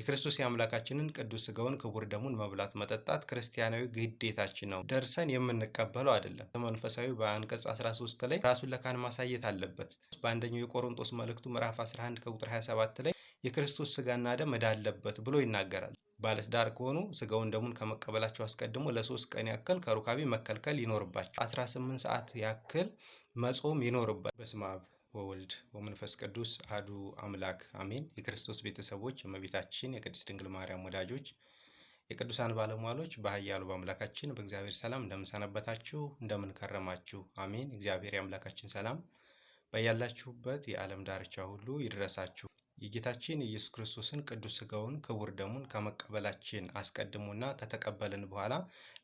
የክርስቶስ የአምላካችንን ቅዱስ ስጋውን ክቡር ደሙን መብላት መጠጣት ክርስቲያናዊ ግዴታችን ነው። ደርሰን የምንቀበለው አይደለም። መንፈሳዊ በአንቀጽ 13 ላይ ራሱን ለካህን ማሳየት አለበት። በአንደኛው የቆሮንጦስ መልእክቱ ምዕራፍ 11 ከቁጥር 27 ላይ የክርስቶስ ስጋና ደም ዕዳ አለበት ብሎ ይናገራል። ባለትዳር ከሆኑ ስጋውን ደሙን ከመቀበላቸው አስቀድሞ ለሶስት ቀን ያክል ከሩካቤ መከልከል ይኖርባቸው፣ 18 ሰዓት ያክል መጾም ይኖርበት። በስመ አብ ወወልድ ወመንፈስ ቅዱስ አዱ አምላክ አሜን። የክርስቶስ ቤተሰቦች፣ የእመቤታችን የቅድስት ድንግል ማርያም ወዳጆች፣ የቅዱሳን ባለሟሎች በኃያሉ በአምላካችን በእግዚአብሔር ሰላም እንደምንሰነበታችሁ እንደምንከረማችሁ፣ አሜን። እግዚአብሔር የአምላካችን ሰላም በያላችሁበት የዓለም ዳርቻ ሁሉ ይድረሳችሁ። የጌታችን የኢየሱስ ክርስቶስን ቅዱስ ሥጋውን ክቡር ደሙን ከመቀበላችን አስቀድሞና ከተቀበልን በኋላ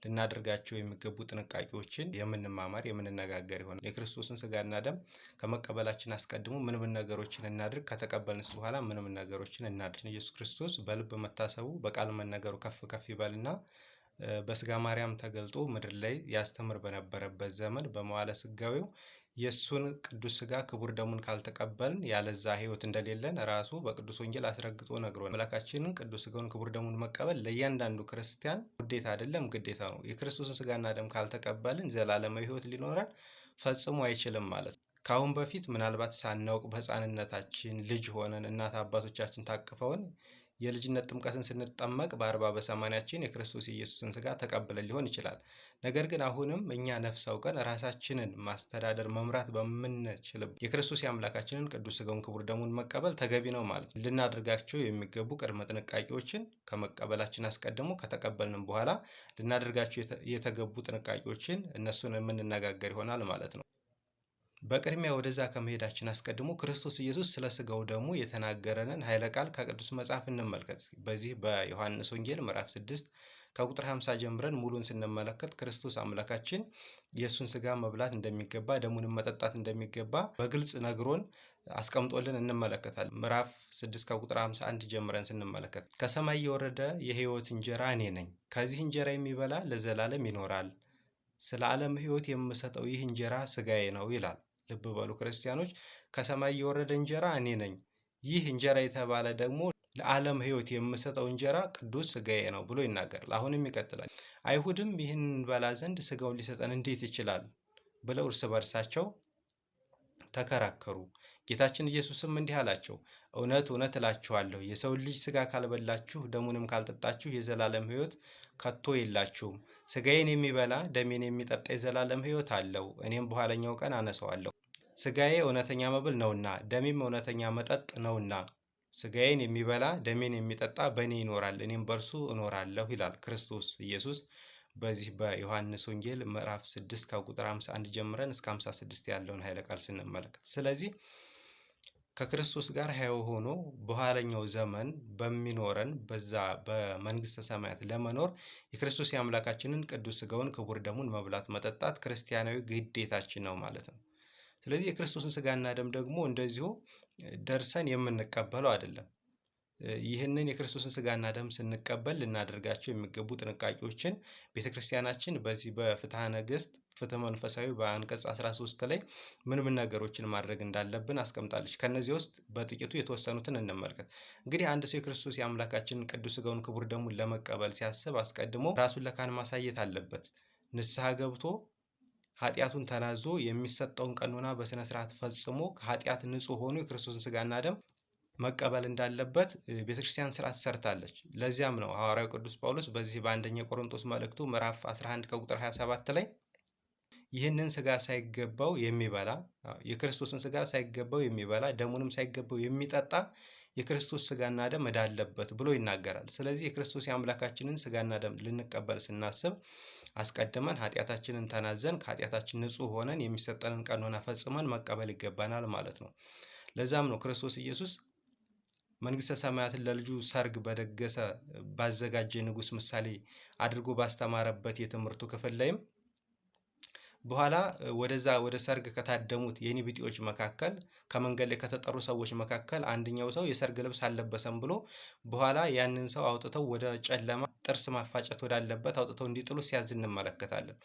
ልናደርጋቸው የሚገቡ ጥንቃቄዎችን የምንማማር የምንነጋገር ይሆናል። የክርስቶስን ሥጋና ደም ከመቀበላችን አስቀድሞ ምን ምን ነገሮችን እናድርግ፣ ከተቀበልንስ በኋላ ምን ምን ነገሮችን እናድርግ። ኢየሱስ ክርስቶስ በልብ መታሰቡ በቃል መነገሩ ከፍ ከፍ ይበልና በስጋ ማርያም ተገልጦ ምድር ላይ ያስተምር በነበረበት ዘመን በመዋለ ስጋዊው የእሱን ቅዱስ ስጋ ክቡር ደሙን ካልተቀበልን ያለዛ ህይወት እንደሌለን ራሱ በቅዱስ ወንጌል አስረግጦ ነግሮ አምላካችንን ቅዱስ ስጋውን ክቡር ደሙን መቀበል ለእያንዳንዱ ክርስቲያን ውዴታ አይደለም፣ ግዴታ ነው። የክርስቶስን ስጋና ደም ካልተቀበልን ዘላለማዊ ህይወት ሊኖረን ፈጽሞ አይችልም ማለት ነው። ከአሁን በፊት ምናልባት ሳናውቅ በህፃንነታችን ልጅ ሆነን እናት አባቶቻችን ታቅፈውን የልጅነት ጥምቀትን ስንጠመቅ በአርባ በሰማንያችን የክርስቶስ ኢየሱስን ስጋ ተቀብለን ሊሆን ይችላል። ነገር ግን አሁንም እኛ ነፍስ አውቀን ራሳችንን ማስተዳደር መምራት በምንችል የክርስቶስ የአምላካችንን ቅዱስ ስጋውን ክቡር ደሙን መቀበል ተገቢ ነው ማለት ነው። ልናደርጋቸው የሚገቡ ቅድመ ጥንቃቄዎችን ከመቀበላችን አስቀድሞ ከተቀበልንም በኋላ ልናደርጋቸው የተገቡ ጥንቃቄዎችን እነሱን የምንነጋገር ይሆናል ማለት ነው። በቅድሚያ ወደዛ ከመሄዳችን አስቀድሞ ክርስቶስ ኢየሱስ ስለ ስጋው ደግሞ የተናገረንን ኃይለ ቃል ከቅዱስ መጽሐፍ እንመልከት። በዚህ በዮሐንስ ወንጌል ምዕራፍ 6 ከቁጥር 50 ጀምረን ሙሉን ስንመለከት ክርስቶስ አምላካችን የእሱን ስጋ መብላት እንደሚገባ፣ ደሙንም መጠጣት እንደሚገባ በግልጽ ነግሮን አስቀምጦልን እንመለከታለን። ምዕራፍ 6 ከቁጥር 51 ጀምረን ስንመለከት ከሰማይ የወረደ የህይወት እንጀራ እኔ ነኝ። ከዚህ እንጀራ የሚበላ ለዘላለም ይኖራል። ስለ ዓለም ህይወት የምሰጠው ይህ እንጀራ ስጋዬ ነው ይላል። ልብ በሉ ክርስቲያኖች፣ ከሰማይ የወረደ እንጀራ እኔ ነኝ። ይህ እንጀራ የተባለ ደግሞ ለዓለም ሕይወት የምሰጠው እንጀራ ቅዱስ ስጋዬ ነው ብሎ ይናገራል። አሁንም ይቀጥላል። አይሁድም ይህን እንበላ ዘንድ ስጋውን ሊሰጠን እንዴት ይችላል ብለው እርስ በርሳቸው ተከራከሩ። ጌታችን ኢየሱስም እንዲህ አላቸው፣ እውነት እውነት እላችኋለሁ የሰው ልጅ ስጋ ካልበላችሁ ደሙንም ካልጠጣችሁ የዘላለም ሕይወት ከቶ የላችሁም። ስጋዬን የሚበላ ደሜን የሚጠጣ የዘላለም ሕይወት አለው፣ እኔም በኋለኛው ቀን አነሰዋለሁ። ስጋዬ እውነተኛ መብል ነውና ደሜም እውነተኛ መጠጥ ነውና ስጋዬን የሚበላ ደሜን የሚጠጣ በእኔ ይኖራል፣ እኔም በእርሱ እኖራለሁ ይላል ክርስቶስ ኢየሱስ በዚህ በዮሐንስ ወንጌል ምዕራፍ 6 ከቁጥር 51 ጀምረን እስከ 56 ያለውን ኃይለ ቃል ስንመለከት ስለዚህ ከክርስቶስ ጋር ሕያው ሆኖ በኋለኛው ዘመን በሚኖረን በዛ በመንግስተ ሰማያት ለመኖር የክርስቶስ የአምላካችንን ቅዱስ ስጋውን ክቡር ደሙን መብላት መጠጣት ክርስቲያናዊ ግዴታችን ነው ማለት ነው። ስለዚህ የክርስቶስን ስጋና ደም ደግሞ እንደዚሁ ደርሰን የምንቀበለው አይደለም። ይህንን የክርስቶስን ስጋና ደም ስንቀበል ልናደርጋቸው የሚገቡ ጥንቃቄዎችን ቤተ ክርስቲያናችን በዚህ በፍትሐ ነገሥት ፍትህ መንፈሳዊ በአንቀጽ 13 ላይ ምን ምን ነገሮችን ማድረግ እንዳለብን አስቀምጣለች። ከነዚህ ውስጥ በጥቂቱ የተወሰኑትን እንመልከት። እንግዲህ አንድ ሰው የክርስቶስ የአምላካችንን ቅዱስ ስጋውን ክቡር ደሙን ለመቀበል ሲያስብ አስቀድሞ ራሱን ለካህን ማሳየት አለበት። ንስሐ ገብቶ ኃጢአቱን ተናዞ የሚሰጠውን ቀኖና በስነ ስርዓት ፈጽሞ ከኃጢአት ንጹህ ሆኖ የክርስቶስን ስጋና ደም መቀበል እንዳለበት ቤተክርስቲያን ስርዓት ሰርታለች። ለዚያም ነው ሐዋርያው ቅዱስ ጳውሎስ በዚህ በአንደኛ ቆሮንቶስ መልእክቱ ምዕራፍ 11 ከቁጥር 27 ላይ ይህንን ስጋ ሳይገባው የሚበላ የክርስቶስን ስጋ ሳይገባው የሚበላ ደሙንም ሳይገባው የሚጠጣ የክርስቶስ ስጋና ደም ዕዳ አለበት ብሎ ይናገራል። ስለዚህ የክርስቶስ የአምላካችንን ስጋና ደም ልንቀበል ስናስብ አስቀድመን ኃጢአታችንን ተናዘን ከኃጢአታችን ንጹህ ሆነን የሚሰጠንን ቀኖና ፈጽመን መቀበል ይገባናል ማለት ነው። ለዛም ነው ክርስቶስ ኢየሱስ መንግስተ ሰማያትን ለልጁ ሰርግ በደገሰ ባዘጋጀ ንጉስ ምሳሌ አድርጎ ባስተማረበት የትምህርቱ ክፍል ላይም በኋላ ወደዛ ወደ ሰርግ ከታደሙት የኔ ቢጤዎች መካከል ከመንገድ ላይ ከተጠሩ ሰዎች መካከል አንደኛው ሰው የሰርግ ልብስ አለበሰም ብሎ በኋላ ያንን ሰው አውጥተው ወደ ጨለማ ጥርስ ማፋጨት ወዳለበት አውጥተው እንዲጥሉ ሲያዝ እንመለከታለን።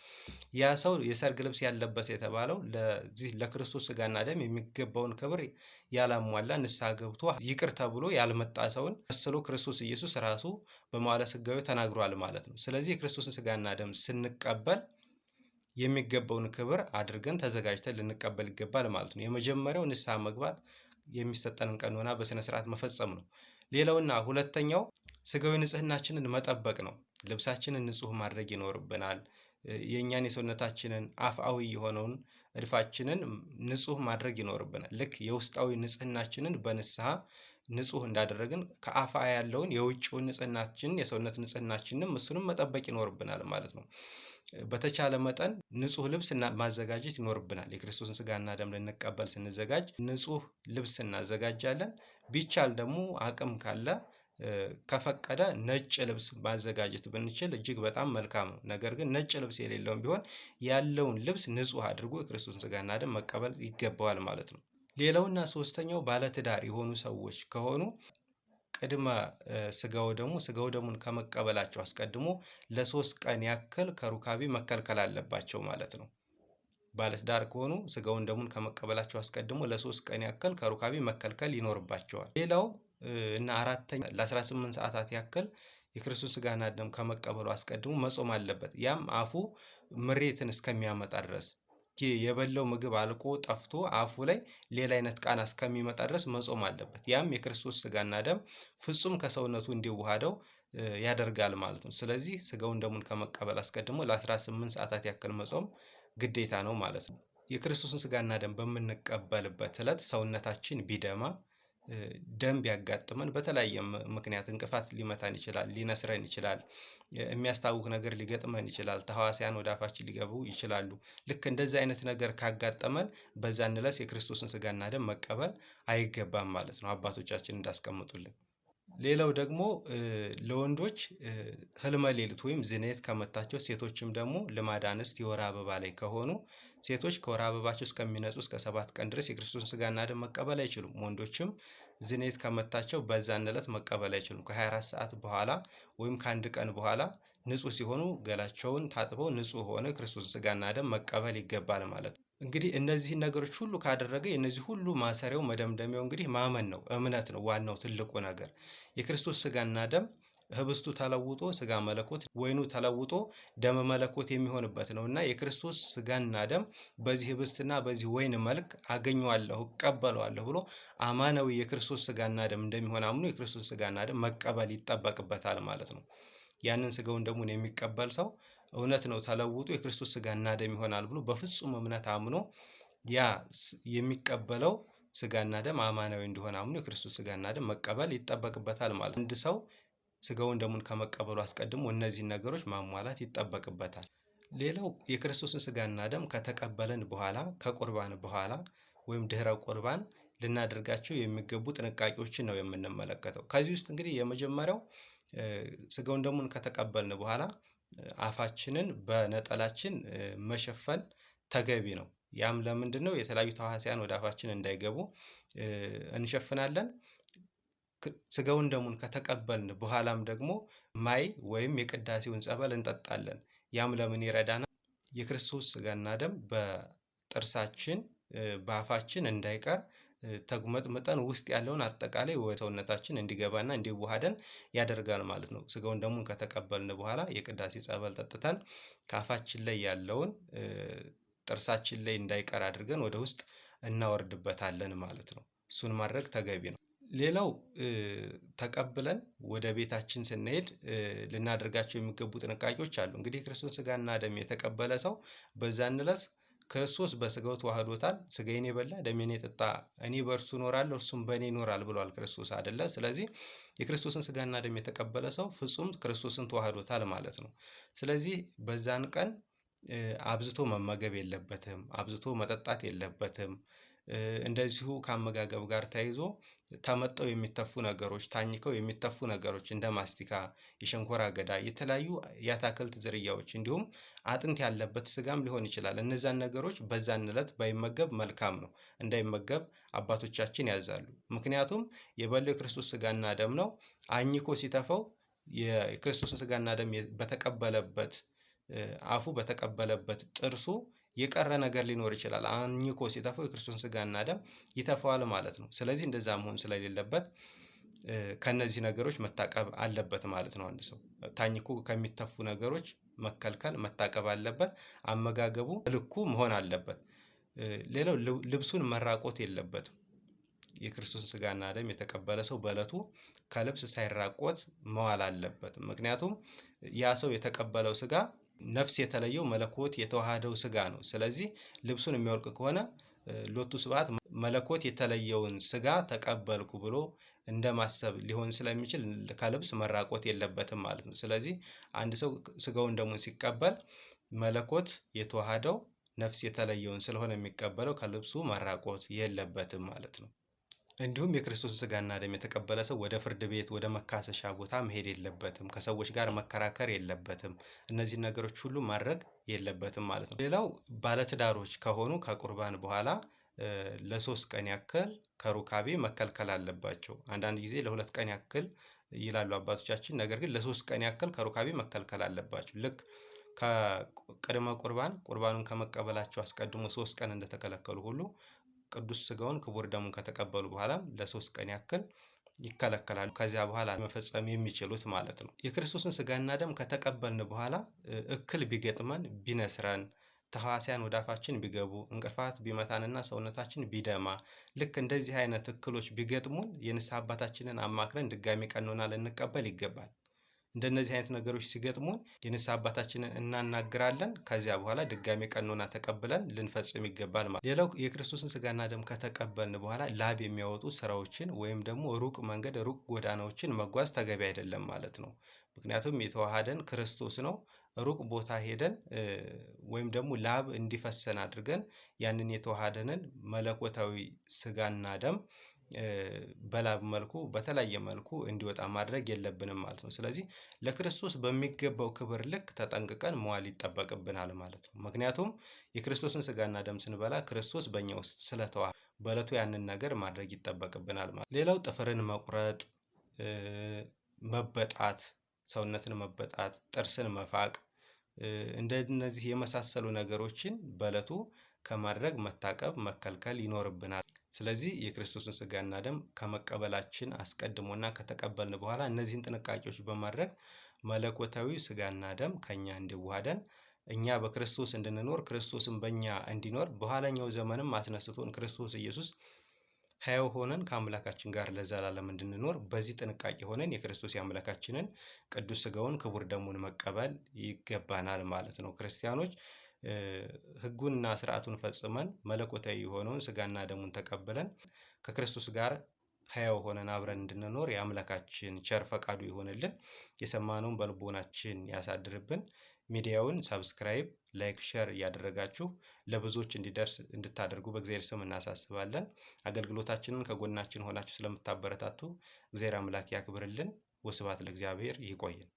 ያ ሰው የሰርግ ልብስ ያለበሰ የተባለው ለዚህ ለክርስቶስ ስጋና ደም የሚገባውን ክብር ያላሟላ ንስሐ ገብቶ ይቅር ተብሎ ያልመጣ ሰውን መስሎ ክርስቶስ ኢየሱስ ራሱ በመዋዕለ ተናግሯል ማለት ነው። ስለዚህ የክርስቶስን ስጋና ደም ስንቀበል የሚገባውን ክብር አድርገን ተዘጋጅተን ልንቀበል ይገባል ማለት ነው። የመጀመሪያው ንስሐ መግባት የሚሰጠንን ቀኖና በስነ ስርዓት መፈጸም ነው። ሌላውና ሁለተኛው ስጋዊ ንጽህናችንን መጠበቅ ነው። ልብሳችንን ንጹህ ማድረግ ይኖርብናል። የእኛን የሰውነታችንን አፍአዊ የሆነውን እድፋችንን ንጹህ ማድረግ ይኖርብናል። ልክ የውስጣዊ ንጽህናችንን በንስሐ ንጹህ እንዳደረግን ከአፋ ያለውን የውጭውን ንጽህናችንን የሰውነት ንጽህናችንን እሱንም መጠበቅ ይኖርብናል ማለት ነው። በተቻለ መጠን ንጹህ ልብስ ማዘጋጀት ይኖርብናል። የክርስቶስን ስጋና ደም ልንቀበል ስንዘጋጅ ንጹህ ልብስ እናዘጋጃለን። ቢቻል ደግሞ አቅም ካለ ከፈቀደ ነጭ ልብስ ማዘጋጀት ብንችል እጅግ በጣም መልካም ነው። ነገር ግን ነጭ ልብስ የሌለውም ቢሆን ያለውን ልብስ ንጹህ አድርጎ የክርስቶስን ስጋና ደም መቀበል ይገባዋል ማለት ነው። ሌላውና ሶስተኛው ባለትዳር የሆኑ ሰዎች ከሆኑ ቅድመ ስጋው ደግሞ ስጋው ደሙን ከመቀበላቸው አስቀድሞ ለሶስት ቀን ያክል ከሩካቤ መከልከል አለባቸው ማለት ነው። ባለትዳር ከሆኑ ስጋውን ደሙን ከመቀበላቸው አስቀድሞ ለሶስት ቀን ያክል ከሩካቤ መከልከል ይኖርባቸዋል። ሌላው እና አራተኛ ለ18 ሰዓታት ያክል የክርስቶስ ስጋና ደም ከመቀበሉ አስቀድሞ መጾም አለበት። ያም አፉ ምሬትን እስከሚያመጣ ድረስ የበላው ምግብ አልቆ ጠፍቶ አፉ ላይ ሌላ አይነት ቃና እስከሚመጣ ድረስ መጾም አለበት። ያም የክርስቶስ ስጋና ደም ፍጹም ከሰውነቱ እንዲዋሃደው ያደርጋል ማለት ነው። ስለዚህ ስጋውን ደሙን ከመቀበል አስቀድሞ ለ18 ሰዓታት ያክል መጾም ግዴታ ነው ማለት ነው። የክርስቶስን ስጋና ደም በምንቀበልበት ዕለት ሰውነታችን ቢደማ ደም ቢያጋጥመን በተለያየ ምክንያት እንቅፋት ሊመታን ይችላል፣ ሊነስረን ይችላል፣ የሚያስታውክ ነገር ሊገጥመን ይችላል፣ ተሐዋስያን ወደ አፋችን ሊገቡ ይችላሉ። ልክ እንደዚህ አይነት ነገር ካጋጠመን በዛን ዕለት የክርስቶስን ስጋና ደም መቀበል አይገባም ማለት ነው አባቶቻችን እንዳስቀምጡልን። ሌላው ደግሞ ለወንዶች ህልመ ሌሊት ወይም ዝኔት ከመታቸው ሴቶችም ደግሞ ልማድ አንስት የወር አበባ ላይ ከሆኑ ሴቶች ከወር አበባቸው እስከሚነጹ እስከ ሰባት ቀን ድረስ የክርስቶስን ስጋና ደም መቀበል አይችሉም። ወንዶችም ዝኔት ከመታቸው በዛን ዕለት መቀበል አይችሉም። ከ24 ሰዓት በኋላ ወይም ከአንድ ቀን በኋላ ንጹህ ሲሆኑ ገላቸውን ታጥበው ንጹህ ሆነ ክርስቶስን ስጋና ደም መቀበል ይገባል ማለት ነው። እንግዲህ እነዚህን ነገሮች ሁሉ ካደረገ የእነዚህ ሁሉ ማሰሪያው መደምደሚያው እንግዲህ ማመን ነው። እምነት ነው ዋናው ትልቁ ነገር። የክርስቶስ ስጋና ደም ህብስቱ ተለውጦ ስጋ መለኮት፣ ወይኑ ተለውጦ ደም መለኮት የሚሆንበት ነው እና የክርስቶስ ስጋና ደም በዚህ ህብስትና በዚህ ወይን መልክ አገኘዋለሁ፣ እቀበለዋለሁ ብሎ አማናዊ የክርስቶስ ስጋና ደም እንደሚሆን አምኖ የክርስቶስ ሥጋና ደም መቀበል ይጠበቅበታል ማለት ነው። ያንን ሥጋውን ደሙን የሚቀበል ሰው እውነት ነው ተለውጦ የክርስቶስ ስጋና ደም ይሆናል ብሎ በፍጹም እምነት አምኖ ያ የሚቀበለው ስጋና ደም አማናዊ እንደሆነ አምኖ የክርስቶስ ስጋና ደም መቀበል ይጠበቅበታል ማለት አንድ ሰው ስጋውን ደሙን ከመቀበሉ አስቀድሞ እነዚህን ነገሮች ማሟላት ይጠበቅበታል። ሌላው የክርስቶስን ስጋና ደም ከተቀበለን በኋላ ከቁርባን በኋላ ወይም ድህረ ቁርባን ልናደርጋቸው የሚገቡ ጥንቃቄዎችን ነው የምንመለከተው። ከዚህ ውስጥ እንግዲህ የመጀመሪያው ስጋውን ደሙን ከተቀበልን በኋላ አፋችንን በነጠላችን መሸፈን ተገቢ ነው። ያም ለምንድን ነው? የተለያዩ ተዋሲያን ወደ አፋችን እንዳይገቡ እንሸፍናለን። ስጋውን ደሙን ከተቀበልን በኋላም ደግሞ ማይ ወይም የቅዳሴውን ጸበል እንጠጣለን። ያም ለምን ይረዳናል? የክርስቶስ ስጋና ደም በጥርሳችን በአፋችን እንዳይቀር ተጉመጥምጠን ውስጥ ያለውን አጠቃላይ ወደ ሰውነታችን እንዲገባና እንዲዋሃደን ያደርጋል ማለት ነው። ስጋውን ደሙን ከተቀበልን በኋላ የቅዳሴ ጸበል ጠጥተን ከአፋችን ላይ ያለውን ጥርሳችን ላይ እንዳይቀር አድርገን ወደ ውስጥ እናወርድበታለን ማለት ነው። እሱን ማድረግ ተገቢ ነው። ሌላው ተቀብለን ወደ ቤታችን ስንሄድ ልናደርጋቸው የሚገቡ ጥንቃቄዎች አሉ። እንግዲህ የክርስቶስ ስጋና ደም የተቀበለ ሰው በዛን ዕለት ክርስቶስ በስጋው ተዋህዶታል። ስጋዬን የበላ ደሜን የጠጣ እኔ በእርሱ እኖራለሁ እርሱም በእኔ ይኖራል ብሏል ክርስቶስ አደለ። ስለዚህ የክርስቶስን ስጋና ደም የተቀበለ ሰው ፍጹም ክርስቶስን ተዋህዶታል ማለት ነው። ስለዚህ በዛን ቀን አብዝቶ መመገብ የለበትም፣ አብዝቶ መጠጣት የለበትም። እንደዚሁ ከአመጋገብ ጋር ተያይዞ ተመጠው የሚተፉ ነገሮች፣ ታኝከው የሚተፉ ነገሮች እንደ ማስቲካ፣ የሸንኮራ አገዳ፣ የተለያዩ የአታክልት ዝርያዎች እንዲሁም አጥንት ያለበት ስጋም ሊሆን ይችላል። እነዛን ነገሮች በዛን ዕለት ባይመገብ መልካም ነው። እንዳይመገብ አባቶቻችን ያዛሉ። ምክንያቱም የበለው የክርስቶስ ስጋና ደም ነው። አኝኮ ሲተፈው የክርስቶስ ስጋና ደም በተቀበለበት አፉ በተቀበለበት ጥርሱ የቀረ ነገር ሊኖር ይችላል። አኝኮ ሲተፋው የክርስቶስን ስጋና ደም ይተፋዋል ማለት ነው። ስለዚህ እንደዛ መሆን ስለሌለበት ከነዚህ ነገሮች መታቀብ አለበት ማለት ነው። አንድ ሰው ታኝኮ ከሚተፉ ነገሮች መከልከል መታቀብ አለበት። አመጋገቡ ልኩ መሆን አለበት። ሌላው ልብሱን መራቆት የለበትም። የክርስቶስን ስጋና ደም የተቀበለ ሰው በዕለቱ ከልብስ ሳይራቆት መዋል አለበት። ምክንያቱም ያ ሰው የተቀበለው ስጋ ነፍስ የተለየው መለኮት የተዋሃደው ስጋ ነው። ስለዚህ ልብሱን የሚያወልቅ ከሆነ ሎቱ ስብሐት መለኮት የተለየውን ስጋ ተቀበልኩ ብሎ እንደ ማሰብ ሊሆን ስለሚችል ከልብስ መራቆት የለበትም ማለት ነው። ስለዚህ አንድ ሰው ስጋውን ደሙን ሲቀበል መለኮት የተዋሃደው ነፍስ የተለየውን ስለሆነ የሚቀበለው ከልብሱ መራቆት የለበትም ማለት ነው። እንዲሁም የክርስቶስ ስጋና ደም የተቀበለ ሰው ወደ ፍርድ ቤት ወደ መካሰሻ ቦታ መሄድ የለበትም። ከሰዎች ጋር መከራከር የለበትም። እነዚህን ነገሮች ሁሉ ማድረግ የለበትም ማለት ነው። ሌላው ባለትዳሮች ከሆኑ ከቁርባን በኋላ ለሶስት ቀን ያክል ከሩካቤ መከልከል አለባቸው። አንዳንድ ጊዜ ለሁለት ቀን ያክል ይላሉ አባቶቻችን። ነገር ግን ለሶስት ቀን ያክል ከሩካቤ መከልከል አለባቸው። ልክ ከቅድመ ቁርባን ቁርባኑን ከመቀበላቸው አስቀድሞ ሶስት ቀን እንደተከለከሉ ሁሉ ቅዱስ ስጋውን ክቡር ደሙን ከተቀበሉ በኋላ ለሶስት ቀን ያክል ይከለከላሉ። ከዚያ በኋላ መፈጸም የሚችሉት ማለት ነው። የክርስቶስን ስጋና ደም ከተቀበልን በኋላ እክል ቢገጥመን፣ ቢነስረን፣ ተህዋሲያን ወደ አፋችን ቢገቡ፣ እንቅፋት ቢመታንና ሰውነታችን ቢደማ፣ ልክ እንደዚህ አይነት እክሎች ቢገጥሙን የንስሐ አባታችንን አማክረን ድጋሚ ቀኖና ልንቀበል ይገባል። እንደነዚህ አይነት ነገሮች ሲገጥሙን የንስሐ አባታችንን እናናግራለን። ከዚያ በኋላ ድጋሜ ቀኖና ተቀብለን ልንፈጽም ይገባል ማለት። ሌላው የክርስቶስን ስጋና ደም ከተቀበልን በኋላ ላብ የሚያወጡ ስራዎችን ወይም ደግሞ ሩቅ መንገድ ሩቅ ጎዳናዎችን መጓዝ ተገቢ አይደለም ማለት ነው። ምክንያቱም የተዋሃደን ክርስቶስ ነው። ሩቅ ቦታ ሄደን ወይም ደግሞ ላብ እንዲፈሰን አድርገን ያንን የተዋሃደንን መለኮታዊ ስጋና ደም በላብ መልኩ በተለያየ መልኩ እንዲወጣ ማድረግ የለብንም ማለት ነው። ስለዚህ ለክርስቶስ በሚገባው ክብር ልክ ተጠንቅቀን መዋል ይጠበቅብናል ማለት ነው። ምክንያቱም የክርስቶስን ስጋና ደም ስንበላ ክርስቶስ በእኛ ውስጥ ስለተዋ በእለቱ ያንን ነገር ማድረግ ይጠበቅብናል ማለት ነው። ሌላው ጥፍርን መቁረጥ፣ መበጣት፣ ሰውነትን መበጣት፣ ጥርስን መፋቅ እንደነዚህ የመሳሰሉ ነገሮችን በእለቱ ከማድረግ መታቀብ መከልከል ይኖርብናል። ስለዚህ የክርስቶስን ስጋና ደም ከመቀበላችን አስቀድሞና ከተቀበልን በኋላ እነዚህን ጥንቃቄዎች በማድረግ መለኮታዊ ስጋና ደም ከኛ እንዲዋሃደን እኛ በክርስቶስ እንድንኖር ክርስቶስን በእኛ እንዲኖር በኋለኛው ዘመንም አስነስቶን ክርስቶስ ኢየሱስ ሕያው ሆነን ከአምላካችን ጋር ለዘላለም እንድንኖር በዚህ ጥንቃቄ ሆነን የክርስቶስ የአምላካችንን ቅዱስ ስጋውን ክቡር ደሙን መቀበል ይገባናል ማለት ነው ክርስቲያኖች ህጉንና ስርዓቱን ፈጽመን መለኮታዊ የሆነውን ስጋና ደሙን ተቀብለን ከክርስቶስ ጋር ሕያው ሆነን አብረን እንድንኖር የአምላካችን ቸር ፈቃዱ ይሆንልን። የሰማነውን በልቦናችን ያሳድርብን። ሚዲያውን ሳብስክራይብ፣ ላይክ፣ ሸር እያደረጋችሁ ለብዙዎች እንዲደርስ እንድታደርጉ በእግዚአብሔር ስም እናሳስባለን። አገልግሎታችንን ከጎናችን ሆናችሁ ስለምታበረታቱ እግዚአብሔር አምላክ ያክብርልን። ወስብሐት ለእግዚአብሔር። ይቆየን።